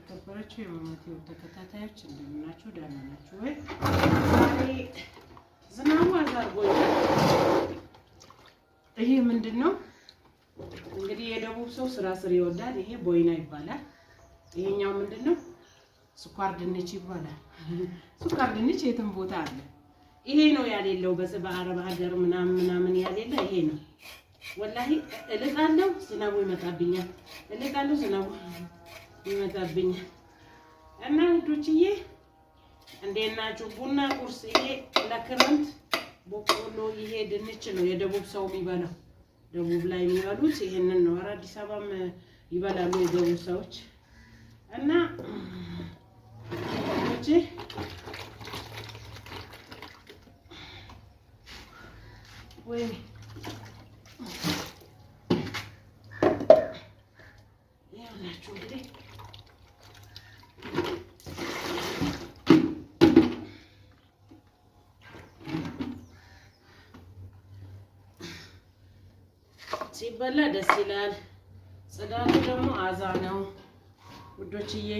የተከበራችሁ የማማት የወብ ተከታታዮች እንደምናችሁ ደህና ናችሁ ወይ? ዝናቡ አዛርጎኛል። ይሄ ምንድን ነው እንግዲህ የደቡብ ሰው ስራ ስር ይወዳል። ይሄ ቦይና ይባላል። ይሄኛው ምንድን ነው? ስኳር ድንች ይባላል። ስኳር ድንች የትም ቦታ አለ። ይሄ ነው ያሌለው በአረብ ሀገር ምናምን ምናምን ያሌለ ይሄ ነው። ወላሂ እልጣለሁ ዝናቡ ይመጣብኛል፣ እልጣለሁ ዝናቡ ይመጣብኛል። እና ውዶችዬ እንዴት ናችሁ? ቡና ቁርስ። ይሄ ለክረምት በቆሎ፣ ይሄ ድንች ነው የደቡብ ሰው የሚበላው። ደቡብ ላይ የሚበሉት ይሄንን ነው። ኧረ አዲስ አበባም ይበላሉ የደቡብ ሰዎች። እና ቼ ወይ ሲበላ ደስ ይላል። ጽዳቱ ደግሞ አዛ ነው ውዶችዬ።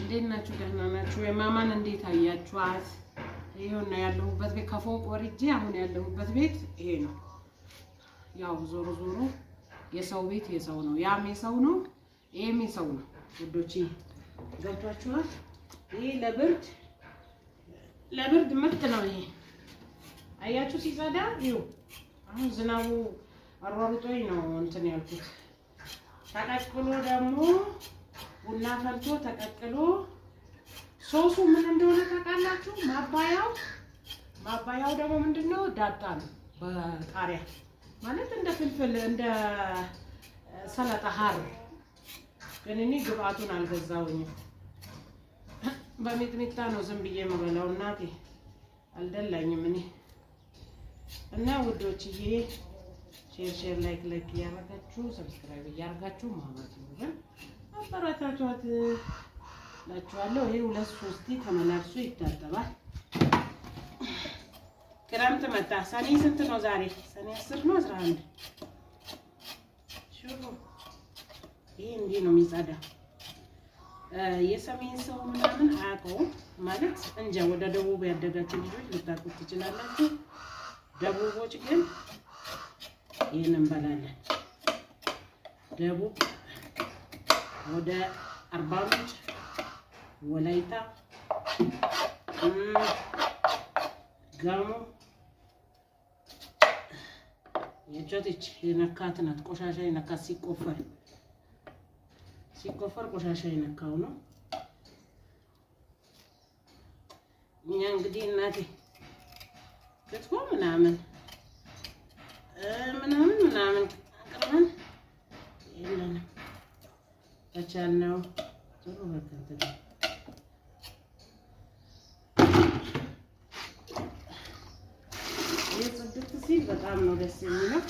እንዴት ናችሁ? ደህና ናችሁ? የማማን እንዴት አያችኋት? ይሄውና ያለሁበት ቤት ከፎቅ ወርጄ አሁን ያለሁበት ቤት ይሄ ነው። ያው ዞሮ ዞሮ የሰው ቤት የሰው ነው፣ ያም የሰው ነው፣ ይሄም የሰው ነው ውዶች፣ ገብቷችኋል? ይሄ ለብርድ ለብርድ ምርጥ ነው። ይሄ አያችሁ ሲጸዳ ይኸው አሁን ዝናቡ አሯሩጦኝ ነው እንትን ያልኩት። ተቀቅሎ ደግሞ ቡና ፈልቶ ተቀቅሎ ሶሱ ምን እንደሆነ ታውቃላችሁ? ማባያው ማባያው ደግሞ ምንድነው? ዳጣ ነው በቃሪያ ማለት እንደ ፍልፍል እንደ ሰላጣ ሀር። ግን እኔ ግብአቱን አልገዛውኝም። በሚጥሚጣ ነው ዝም ብዬ የምበላው እናቴ፣ አልደላኝም እኔ እና ውዶችዬ ሼር ሼር ላይክ ላይክ እያደረጋችሁ ሰብስክራይብ እያረጋችሁ ማህበራት ይሁን አበረታቷት ላችኋለሁ። ይሄ ሁለት ሶስት ተመላልሶ ይታጠባል። ክረምት መጣ። ሰኔ ስንት ነው ዛሬ? ሰኔ አስር ነው አስራ አንድ ሽሩ ይሄ እንዲህ ነው የሚጸዳ። የሰሜን ሰው ምናምን አያውቀውም ማለት እንጃ። ወደ ደቡብ ያደጋችሁ ልጆች ልታውቁት ትችላላችሁ። ደቡቦች ግን ይህን እንበላለን። ደቡብ ወደ አርባ ምንጭ፣ ወላይታ፣ ጋሞ የጨጥች የነካት ናት። ቆሻሻ የነካት ሲቆፈር ሲቆፈር ቆሻሻ የነካው ነው። እኛ እንግዲህ እናቴ ክትፎ ምናምን ምናምን ምናምን አቅርበን የለንም በቻልነው ጥሩ በከንት ይህ ጽድት ሲል በጣም ነው ደስ የሚለው።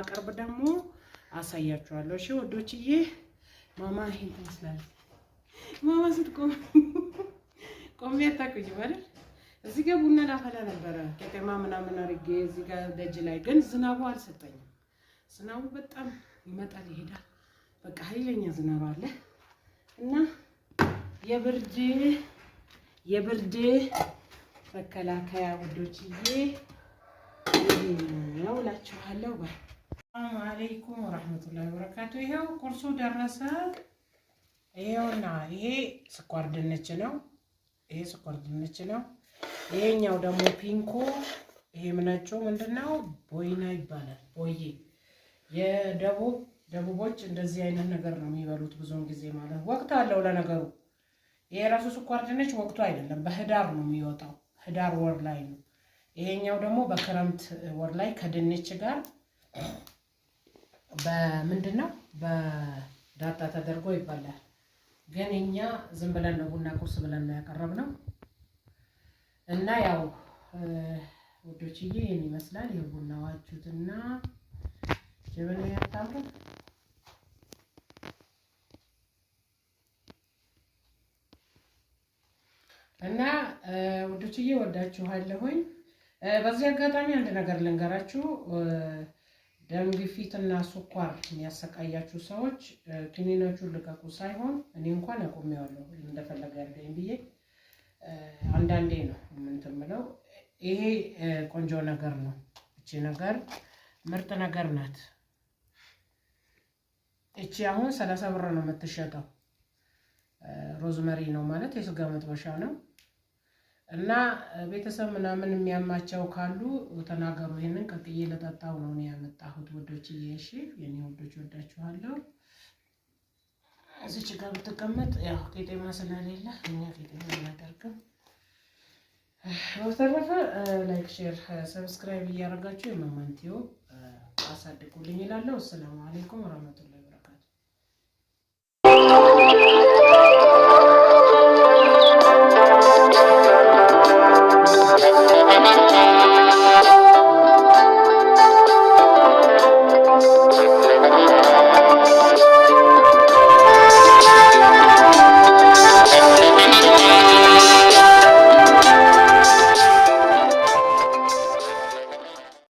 ሳቀርብ ደግሞ አሳያችኋለሁ። እሺ ወዶችዬ፣ ማማ ይሄን ትመስላለች። ማማ ስትቆም ቆሜ አታውቅም አይደል? እዚህ ጋር ቡና ላፈላ ነበረ ቄጤማ ምናምን አድርጌ እዚህ ጋር ደጅ ላይ ግን ዝናቡ አልሰጠኝም። ዝናቡ በጣም ይመጣል ይሄዳል። በቃ ኃይለኛ ዝናብ አለ እና የብርድ የብርድ መከላከያ ውዶችዬ ይሄ ነው እላችኋለሁ። አሰላሙ አለይኩም ወረህመቱላሂ ወበረካቱ። ይሄው ቁርሱ ደረሰ። ይሄውና ይሄ ስኳር ድንች ነው። ይሄ ስኳር ድንች ነው። ይሄኛው ደግሞ ፒንኮ፣ ይሄ ምነጩ ምንድን ቦይና ይባላል። ቦዬ የደቡብ ደቡቦች እንደዚህ አይነት ነገር ነው የሚበሉት ብዙውን ጊዜ ማለት ወቅት አለው ለነገሩ። ይሄ ራሱ ስኳር ድንች ወቅቱ አይደለም፣ በህዳር ነው የሚወጣው፣ ህዳር ወር ላይ ነው። ይሄኛው ደግሞ በክረምት ወር ላይ ከድንች ጋር በምንድን ነው ተደርጎ ይባላል። ግን እኛ ዝም ብለን ነው ቡና ቁርስ ብለን ነው ያቀረብነው እና ያው ውዶችዬ ይህን ይመስላል። የቡና ዋችሁትና ጀበና ያታምሩ እና ውዶችዬ ወዳችኋለሁኝ። በዚህ አጋጣሚ አንድ ነገር ልንገራችሁ። ደም ግፊት እና ስኳር የሚያሰቃያችሁ ሰዎች ክኒኖቹን ልቀቁ ሳይሆን እኔ እንኳን አቁሜዋለሁ እንደፈለገ ያለኝ ብዬ አንዳንዴ ነው እንትን የምለው። ይሄ ቆንጆ ነገር ነው። እቺ ነገር ምርጥ ነገር ናት። እቺ አሁን ሰላሳ ብር ነው የምትሸጠው። ሮዝመሪ ነው ማለት የስጋ መጥበሻ ነው። እና ቤተሰብ ምናምን የሚያማቸው ካሉ ተናገሩ። ይህንን ቀቅዬ ለጠጣው ነው እኔ ያመጣሁት ወዶች እሺ የኔ ወዶች ወዳችኋለሁ። እዚች ጋር ብትቀመጥ ያው ቄጤማ ስለሌለ እኛ ቄጤማ አናደርግም። በተረፈ ላይክ፣ ሼር፣ ሰብስክራይብ እያደረጋችሁ የመማንቴው አሳድጉልኝ ይላለሁ። አሰላሙ አሌይኩም ረመቱላ